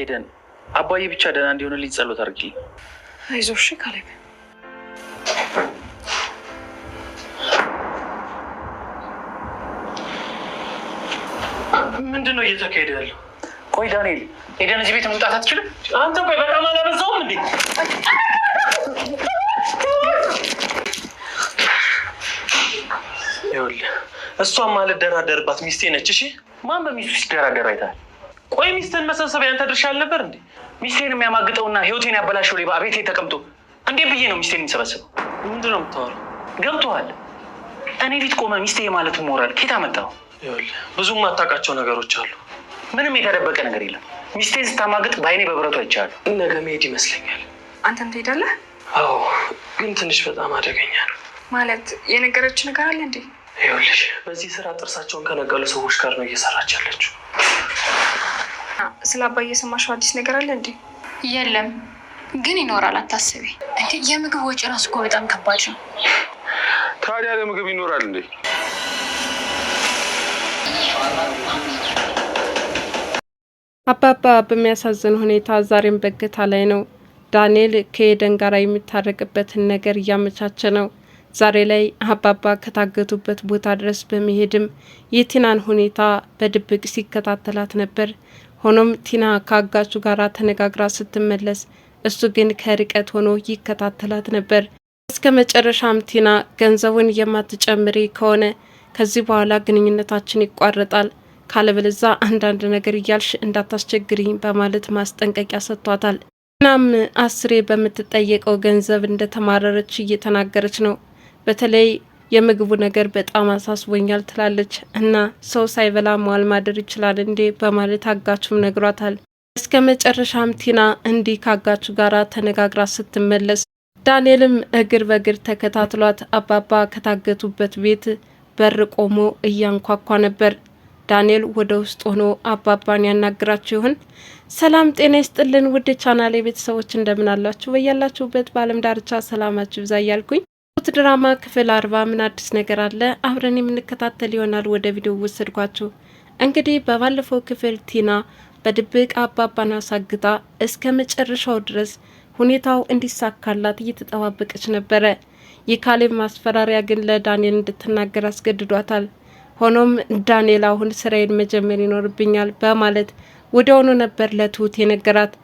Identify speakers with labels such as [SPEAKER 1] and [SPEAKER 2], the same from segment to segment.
[SPEAKER 1] ኤደን አባዬ ብቻ ደህና እንዲሆንልኝ ጸሎት አድርጊ።
[SPEAKER 2] አይዞሽ ካሌብ።
[SPEAKER 1] ምንድን ነው እየተካሄደ ያለው?
[SPEAKER 3] ቆይ ዳንኤል፣ ኤደን እዚህ ቤት መምጣት አትችልም።
[SPEAKER 1] አንተ ቆይ በጣም አላበዛውም እንዴ? ይኸውልህ እሷም ማለት ደራደርባት ሚስቴ ነች። እሺ
[SPEAKER 3] ማን በሚስቱ ሲደራደር አይታል?
[SPEAKER 1] ቆይ ሚስትን መሰብሰብ ያንተ ድርሻ አልነበር እንዴ?
[SPEAKER 3] ሚስቴን የሚያማግጠውና ህይወቴን ያበላሸው ሌባ ቤቴ ተቀምጦ እንዴት ብዬ ነው ሚስቴን የሚሰበስበው?
[SPEAKER 1] ምንድን ነው የምታወራው?
[SPEAKER 3] ገብቶሃል? እኔ ፊት ቆመ ሚስቴ ማለት ሞራል ኬት አመጣው?
[SPEAKER 1] ብዙም የማታውቃቸው ነገሮች አሉ።
[SPEAKER 3] ምንም የተደበቀ ነገር የለም። ሚስቴን ስታማግጥ በአይኔ በብረቱ አይቻሉ።
[SPEAKER 1] ነገ መሄድ ይመስለኛል።
[SPEAKER 2] አንተም ትሄዳለህ?
[SPEAKER 1] አዎ፣ ግን ትንሽ በጣም አደገኛ ነው።
[SPEAKER 2] ማለት የነገረች ነገር አለ እንዴ?
[SPEAKER 1] ይኸውልሽ፣ በዚህ ስራ ጥርሳቸውን ከነቀሉ ሰዎች ጋር ነው እየሰራች ያለችው።
[SPEAKER 2] ስለ አባ የሰማሽው አዲስ ነገር አለ እንዴ?
[SPEAKER 4] የለም፣ ግን ይኖራል፣ አታስቢ። የምግብ ወጪ ራሱ እኮ በጣም ከባድ ነው።
[SPEAKER 1] ታዲያ ለምግብ ይኖራል እንዴ?
[SPEAKER 5] አባባ በሚያሳዝን ሁኔታ ዛሬም በእገታ ላይ ነው። ዳንኤል ከኤደን ጋር የሚታረቅበትን ነገር እያመቻቸ ነው። ዛሬ ላይ አባባ ከታገቱበት ቦታ ድረስ በመሄድም የቲናን ሁኔታ በድብቅ ሲከታተላት ነበር። ሆኖም ቲና ከአጋቹ ጋር ተነጋግራ ስትመለስ እሱ ግን ከርቀት ሆኖ ይከታተላት ነበር። እስከ መጨረሻም ቲና ገንዘቡን የማትጨምሪ ከሆነ ከዚህ በኋላ ግንኙነታችን ይቋረጣል፣ ካለበለዛ አንዳንድ ነገር እያልሽ እንዳታስቸግሪኝ በማለት ማስጠንቀቂያ ሰጥቷታል። ቲናም አስሬ በምትጠየቀው ገንዘብ እንደተማረረች እየተናገረች ነው። በተለይ የምግቡ ነገር በጣም አሳስቦኛል ትላለች እና ሰው ሳይበላ መዋል ማደር ይችላል እንዴ በማለት አጋችም ነግሯታል። እስከ መጨረሻም ቲና እንዲህ ካጋቹ ጋር ተነጋግራ ስትመለስ ዳንኤልም እግር በእግር ተከታትሏት አባባ ከታገቱበት ቤት በር ቆሞ እያንኳኳ ነበር። ዳንኤል ወደ ውስጥ ሆኖ አባባን ያናግራችሁ ይሆን? ሰላም ጤና ይስጥልን ውድ ቻናሌ ቤተሰቦች እንደምን አላችሁ? በያላችሁበት በዓለም ዳርቻ ሰላማችሁ ብዛ እያልኩኝ ትሁት ድራማ ክፍል አርባ ምን አዲስ ነገር አለ? አብረን የምንከታተል ይሆናል። ወደ ቪዲዮ ወሰድኳችሁ። እንግዲህ በባለፈው ክፍል ቲና በድብቅ አባባን አሳግታ እስከ መጨረሻው ድረስ ሁኔታው እንዲሳካላት እየተጠባበቀች ነበረ። የካሌብ ማስፈራሪያ ግን ለዳንኤል እንድትናገር አስገድዷታል። ሆኖም ዳንኤል አሁን ስራዬን መጀመር ይኖርብኛል በማለት ወዲያውኑ ነበር ለትሁት የነገራት።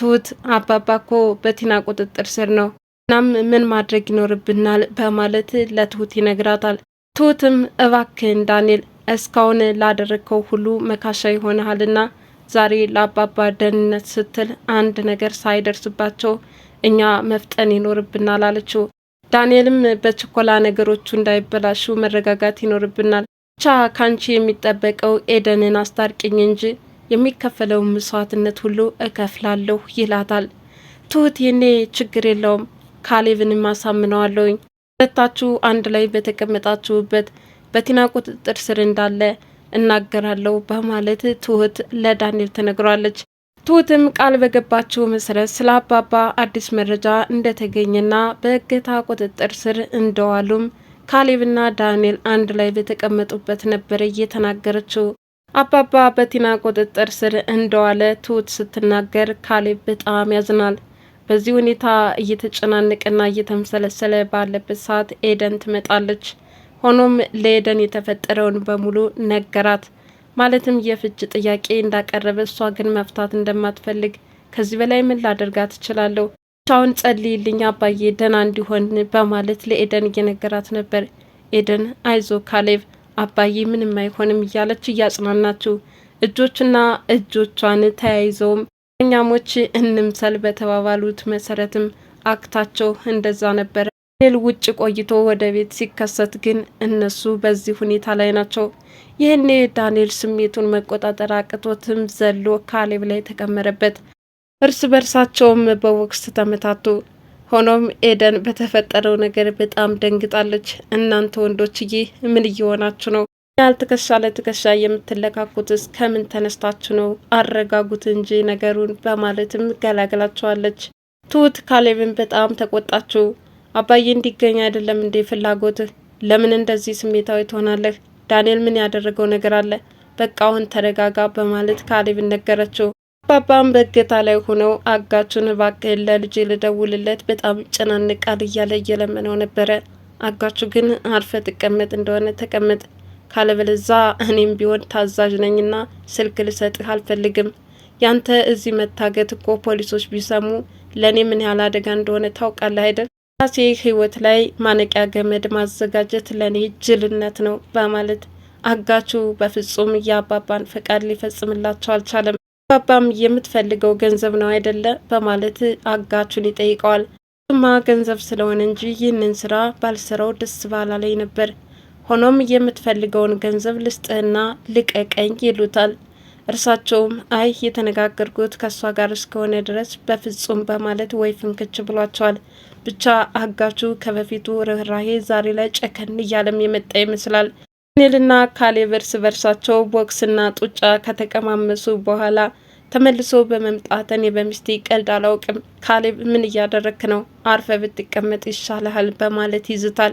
[SPEAKER 5] ትሁት አባባ ኮ በቲና ቁጥጥር ስር ነው እናም ምን ማድረግ ይኖርብናል በማለት ለትሁት ይነግራታል። ትሁትም እባክህን ዳንኤል እስካሁን ላደረግከው ሁሉ መካሻ ይሆንሃልና ዛሬ ለአባባ ደህንነት ስትል አንድ ነገር ሳይደርስባቸው እኛ መፍጠን ይኖርብናል አለችው። ዳንኤልም በችኮላ ነገሮቹ እንዳይበላሹ መረጋጋት ይኖርብናል። ብቻ ካንቺ የሚጠበቀው ኤደንን አስታርቅኝ እንጂ የሚከፈለውን መስዋዕትነት ሁሉ እከፍላለሁ ይላታል። ትሁት የኔ ችግር የለውም ካሌብን አሳምነዋለሁኝ። ሁለታችሁ አንድ ላይ በተቀመጣችሁበት በቲና ቁጥጥር ስር እንዳለ እናገራለሁ በማለት ትሁት ለዳንኤል ተነግሯለች። ትሁትም ቃል በገባችው መሰረት ስለ አባባ አዲስ መረጃ እንደተገኘና በእገታ ቁጥጥር ስር እንደዋሉም ካሌብና ዳንኤል አንድ ላይ በተቀመጡበት ነበረ እየተናገረችው። አባባ በቲና ቁጥጥር ስር እንደዋለ ትሁት ስትናገር ካሌብ በጣም ያዝናል። በዚህ ሁኔታ እየተጨናነቀና እየተምሰለሰለ ባለበት ሰዓት ኤደን ትመጣለች። ሆኖም ለኤደን የተፈጠረውን በሙሉ ነገራት። ማለትም የፍች ጥያቄ እንዳቀረበ እሷ ግን መፍታት እንደማትፈልግ ከዚህ በላይ ምን ላደርጋት እችላለሁ? ብቻውን ጸልይልኝ አባዬ ደህና እንዲሆን በማለት ለኤደን እየነገራት ነበር። ኤደን አይዞ ካሌብ አባዬ ምንም አይሆንም እያለች እያጽናናችው እጆችና እጆቿን ተያይዘውም እኛሞች እንምሰል በተባባሉት መሰረትም አክታቸው እንደዛ ነበረ። ሌል ውጭ ቆይቶ ወደ ቤት ሲከሰት ግን እነሱ በዚህ ሁኔታ ላይ ናቸው። ይህኔ ዳንኤል ስሜቱን መቆጣጠር አቅቶትም ዘሎ ካሌብ ላይ ተቀመረበት። እርስ በርሳቸውም በቦክስ ተመታቱ። ሆኖም ኤደን በተፈጠረው ነገር በጣም ደንግጣለች። እናንተ ወንዶችዬ ምን እየሆናችሁ ነው? ትከሻ ለትከሻ የምትለካኩት እስከምን ተነስታችሁ ነው? አረጋጉት እንጂ ነገሩን በማለትም ገላገላችኋለች። ትሁት ካሌብን በጣም ተቆጣችው። አባዬ እንዲገኝ አይደለም እንዴ ፍላጎትህ? ለምን እንደዚህ ስሜታዊ ትሆናለህ? ዳንኤል ምን ያደረገው ነገር አለ? በቃ አሁን ተረጋጋ በማለት ካሌብን ነገረችው። አባባም በእገታ ላይ ሆነው አጋቹን እባክህን ለልጅ ልደውልለት በጣም ጨናንቃል እያለ እየለመነው ነበረ። አጋቹ ግን አርፈ ትቀመጥ እንደሆነ ተቀመጥ ካለበለዛ እኔም ቢሆን ታዛዥ ነኝና ስልክ ልሰጥህ አልፈልግም። ያንተ እዚህ መታገት እኮ ፖሊሶች ቢሰሙ ለእኔ ምን ያህል አደጋ እንደሆነ ታውቃለህ አይደል? ራሴ ህይወት ላይ ማነቂያ ገመድ ማዘጋጀት ለእኔ ጅልነት ነው በማለት አጋቹ በፍጹም የአባባን ፈቃድ ሊፈጽምላቸው አልቻለም። አባባም የምትፈልገው ገንዘብ ነው አይደለ? በማለት አጋቹን ይጠይቀዋል። እሱማ ገንዘብ ስለሆነ እንጂ ይህንን ስራ ባልሰራው ደስ ባላለኝ ነበር ሆኖም የምትፈልገውን ገንዘብ ልስጥህና ልቀቀኝ ይሉታል። እርሳቸውም አይ የተነጋገርኩት ከእሷ ጋር እስከሆነ ድረስ በፍጹም በማለት ወይ ፍንክች ብሏቸዋል። ብቻ አጋቹ ከበፊቱ ርኅራሄ ዛሬ ላይ ጨከን እያለም የመጣ ይመስላል። ኔልና ካሌብ እርስ በርሳቸው ቦክስና ጡጫ ከተቀማመሱ በኋላ ተመልሶ በመምጣት እኔ በሚስቴ ቀልድ አላውቅም፣ ካሌብ ምን እያደረክ ነው? አርፈ ብትቀመጥ ይሻልሃል በማለት ይዝታል።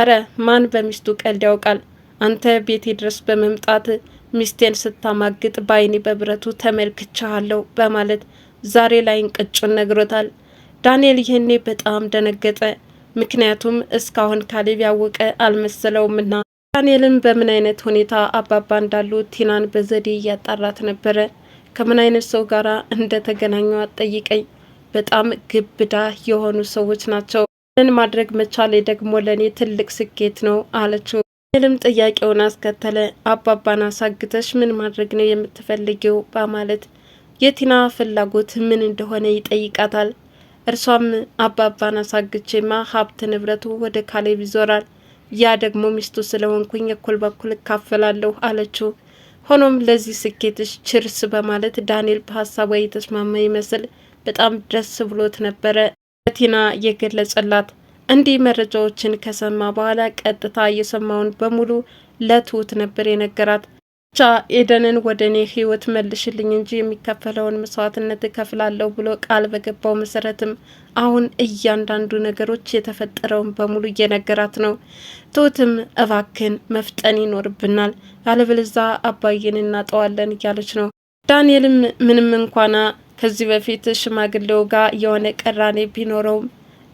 [SPEAKER 5] እረ ማን በሚስቱ ቀልድ ያውቃል? አንተ ቤቴ ድረስ በመምጣት ሚስቴን ስታማግጥ በአይኔ በብረቱ ተመልክቻለሁ በማለት ዛሬ ላይ ቅጩን ነግሮታል። ዳንኤል ይህኔ በጣም ደነገጠ። ምክንያቱም እስካሁን ካሌብ ያወቀ አልመሰለውምና ዳንኤልን በምን አይነት ሁኔታ አባባ እንዳሉ ቲናን በዘዴ እያጣራት ነበረ። ከምን አይነት ሰው ጋር እንደተገናኙ አጠይቀኝ። በጣም ግብዳ የሆኑ ሰዎች ናቸው። ምን ማድረግ መቻሌ ደግሞ ለእኔ ትልቅ ስኬት ነው አለችው። ይልም ጥያቄውን አስከተለ። አባባን አሳግተሽ ምን ማድረግ ነው የምትፈልጊው? በማለት የቲና ፍላጎት ምን እንደሆነ ይጠይቃታል። እርሷም አባባን አሳግቼማ ሀብት ንብረቱ ወደ ካሌብ ይዞራል፣ ያ ደግሞ ሚስቱ ስለሆንኩኝ እኩል በኩል እካፈላለሁ አለችው። ሆኖም ለዚህ ስኬትሽ ችርስ በማለት ዳንኤል በሀሳቧ የተስማማ ይመስል በጣም ደስ ብሎት ነበረ ቲና የገለጸላት። እንዲህ መረጃዎችን ከሰማ በኋላ ቀጥታ የሰማውን በሙሉ ለትሁት ነበር የነገራት። ብቻ ኤደንን ወደ እኔ ህይወት መልሽልኝ እንጂ የሚከፈለውን መስዋዕትነት እከፍላለሁ ብሎ ቃል በገባው መሰረትም አሁን እያንዳንዱ ነገሮች የተፈጠረውን በሙሉ እየነገራት ነው። ትሁትም እባክን መፍጠን ይኖርብናል፣ ያለበለዚያ አባዬን እናጠዋለን እያለች ነው። ዳንኤልም ምንም እንኳና ከዚህ በፊት ሽማግሌው ጋር የሆነ ቅራኔ ቢኖረውም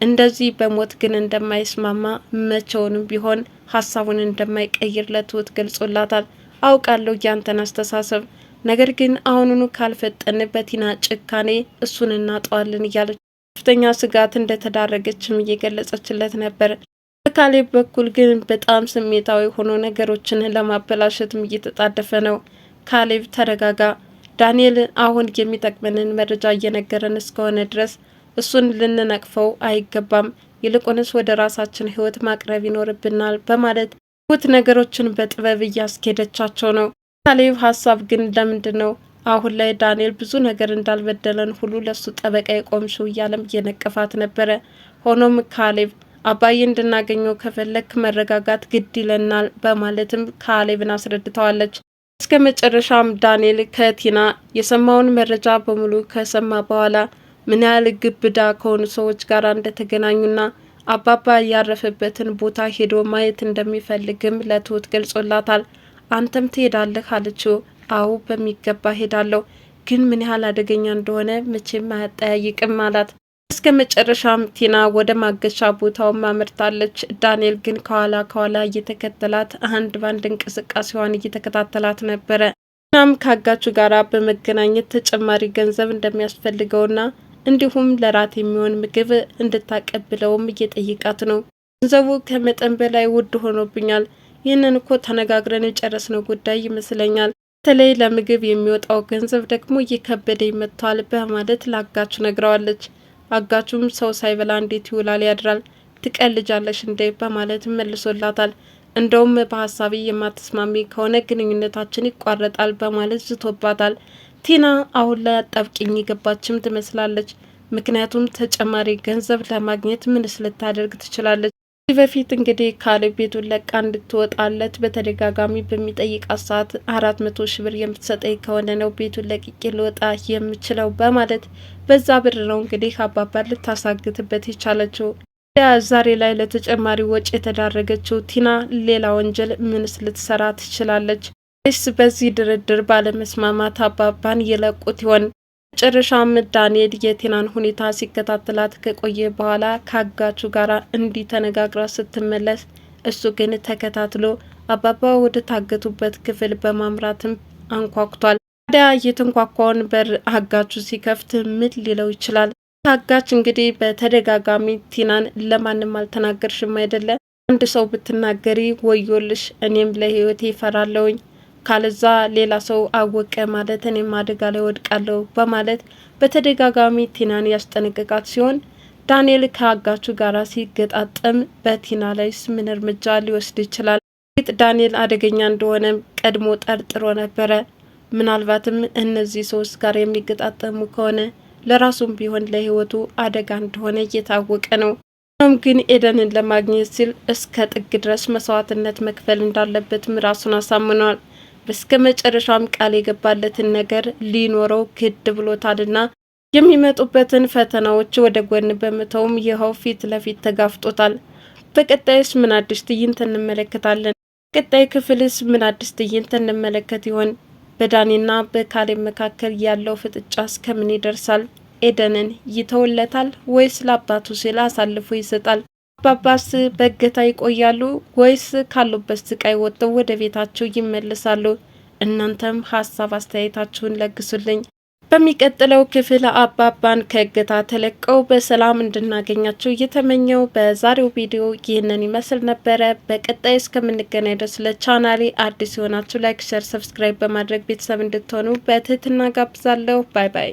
[SPEAKER 5] እንደዚህ በሞት ግን እንደማይስማማ መቼውንም ቢሆን ሀሳቡን እንደማይቀይር ለትሁት ገልጾላታል። አውቃለሁ ያንተን አስተሳሰብ፣ ነገር ግን አሁኑኑ ካልፈጠን በቲና ጭካኔ እሱን እናጠዋለን እያለች ከፍተኛ ስጋት እንደተዳረገችም እየገለጸችለት ነበር። በካሌብ በኩል ግን በጣም ስሜታዊ ሆኖ ነገሮችን ለማበላሸትም እየተጣደፈ ነው። ካሌብ ተረጋጋ፣ ዳንኤል አሁን የሚጠቅመንን መረጃ እየነገረን እስከሆነ ድረስ እሱን ልንነቅፈው አይገባም፣ ይልቁንስ ወደ ራሳችን ህይወት ማቅረብ ይኖርብናል በማለት ትሁት ነገሮችን በጥበብ እያስኬደቻቸው ነው። ካሌብ ሀሳብ ግን ለምንድን ነው አሁን ላይ ዳንኤል ብዙ ነገር እንዳልበደለን ሁሉ ለሱ ጠበቃ የቆምሽው እያለም እየነቀፋት ነበረ። ሆኖም ካሌብ አባዬ እንድናገኘው ከፈለክ መረጋጋት ግድ ይለናል በማለትም ካሌብን አስረድተዋለች። እስከ መጨረሻም ዳንኤል ከቲና የሰማውን መረጃ በሙሉ ከሰማ በኋላ ምን ያህል ግብዳ ከሆኑ ሰዎች ጋር እንደተገናኙና አባባ ያረፈበትን ቦታ ሄዶ ማየት እንደሚፈልግም ለትሁት ገልጾላታል። አንተም ትሄዳለህ አለችው። አዎ በሚገባ ሄዳለሁ፣ ግን ምን ያህል አደገኛ እንደሆነ መቼም አያጠያይቅም አላት። እስከ መጨረሻም ቲና ወደ ማገሻ ቦታው ማመርታለች። ዳንኤል ግን ከኋላ ከኋላ እየተከተላት አንድ ባንድ እንቅስቃሴዋን እየተከታተላት ነበረ። እናም ከአጋቹ ጋር በመገናኘት ተጨማሪ ገንዘብ እንደሚያስፈልገውና እንዲሁም ለራት የሚሆን ምግብ እንድታቀብለውም እየጠይቃት ነው። ገንዘቡ ከመጠን በላይ ውድ ሆኖብኛል። ይህንን እኮ ተነጋግረን የጨረስነው ጉዳይ ይመስለኛል። በተለይ ለምግብ የሚወጣው ገንዘብ ደግሞ እየከበደ መጥቷል በማለት ለአጋቹ ነግረዋለች። አጋቹም ሰው ሳይበላ እንዴት ይውላል ያድራል፣ ትቀልጃለሽ እንዴ በማለት መልሶላታል። እንደውም በሀሳቤ የማትስማሚ ከሆነ ግንኙነታችን ይቋረጣል በማለት ዝቶባታል። ቲና አሁን ላይ አጣብቂኝ የገባችም ትመስላለች። ምክንያቱም ተጨማሪ ገንዘብ ለማግኘት ምንስ ልታደርግ ትችላለች? ከዚህ በፊት እንግዲህ ካሌብ ቤቱን ለቃ እንድትወጣለት በተደጋጋሚ በሚጠይቃት ሰዓት አራት መቶ ሺ ብር የምትሰጠኝ ከሆነ ነው ቤቱን ለቅቄ ልወጣ የምችለው በማለት በዛ ብር ነው እንግዲህ አባባል ልታሳግትበት የቻለችው። ዛሬ ላይ ለተጨማሪ ወጪ የተዳረገችው ቲና ሌላ ወንጀል ምንስ ልትሰራ ትችላለች? ይስ በዚህ ድርድር ባለመስማማት አባባን የለቁት ይሆን? መጨረሻም ዳንኤል የቴናን ሁኔታ ሲከታተላት ከቆየ በኋላ ከአጋቹ ጋር እንዲህ ተነጋግራ ስትመለስ እሱ ግን ተከታትሎ አባባ ወደ ታገቱበት ክፍል በማምራትም አንኳኩቷል። ታዲያ የተንኳኳውን በር አጋቹ ሲከፍት ምን ሊለው ይችላል? ታጋች እንግዲህ በተደጋጋሚ ቲናን ለማንም አልተናገርሽም አይደለ? አንድ ሰው ብትናገሪ ወዮልሽ፣ እኔም ለህይወቴ ይፈራለውኝ ካለዛ ሌላ ሰው አወቀ ማለት እኔም አደጋ ላይ ወድቃለሁ በማለት በተደጋጋሚ ቲናን ያስጠነቅቃት ሲሆን ዳንኤል ከአጋቹ ጋር ሲገጣጠም በቲና ላይስ ምን እርምጃ ሊወስድ ይችላል? ጥ ዳንኤል አደገኛ እንደሆነም ቀድሞ ጠርጥሮ ነበረ። ምናልባትም እነዚህ ሰዎች ጋር የሚገጣጠሙ ከሆነ ለራሱም ቢሆን ለህይወቱ አደጋ እንደሆነ እየታወቀ ነው። ሆኖም ግን ኤደንን ለማግኘት ሲል እስከ ጥግ ድረስ መስዋዕትነት መክፈል እንዳለበትም ራሱን አሳምኗል። እስከ መጨረሻም ቃል የገባለትን ነገር ሊኖረው ግድ ብሎታልና የሚመጡበትን ፈተናዎች ወደ ጎን በመተውም ይኸው ፊት ለፊት ተጋፍጦታል። በቀጣይስ ምን አዲስ ትዕይንት እንመለከታለን? ቀጣይ ክፍልስ ምን አዲስ ትዕይንት እንመለከት ይሆን? በዳኒና በካሌብ መካከል ያለው ፍጥጫ እስከምን ይደርሳል? ኤደንን ይተውለታል ወይስ ለአባቱ ሲል አሳልፎ ይሰጣል? አባባስ በእገታ ይቆያሉ ወይስ ካሉበት ስቃይ ወጥተው ወደ ቤታቸው ይመለሳሉ? እናንተም ሀሳብ አስተያየታችሁን ለግሱልኝ። በሚቀጥለው ክፍል አባባን ከእገታ ተለቀው በሰላም እንድናገኛቸው እየተመኘው በዛሬው ቪዲዮ ይህንን ይመስል ነበረ። በቀጣይ እስከምንገናኝ ድረስ ለቻናሌ አዲስ የሆናችሁ ላይክ፣ ሸር፣ ሰብስክራይብ በማድረግ ቤተሰብ እንድትሆኑ በትህትና ጋብዛለሁ። ባይ ባይ።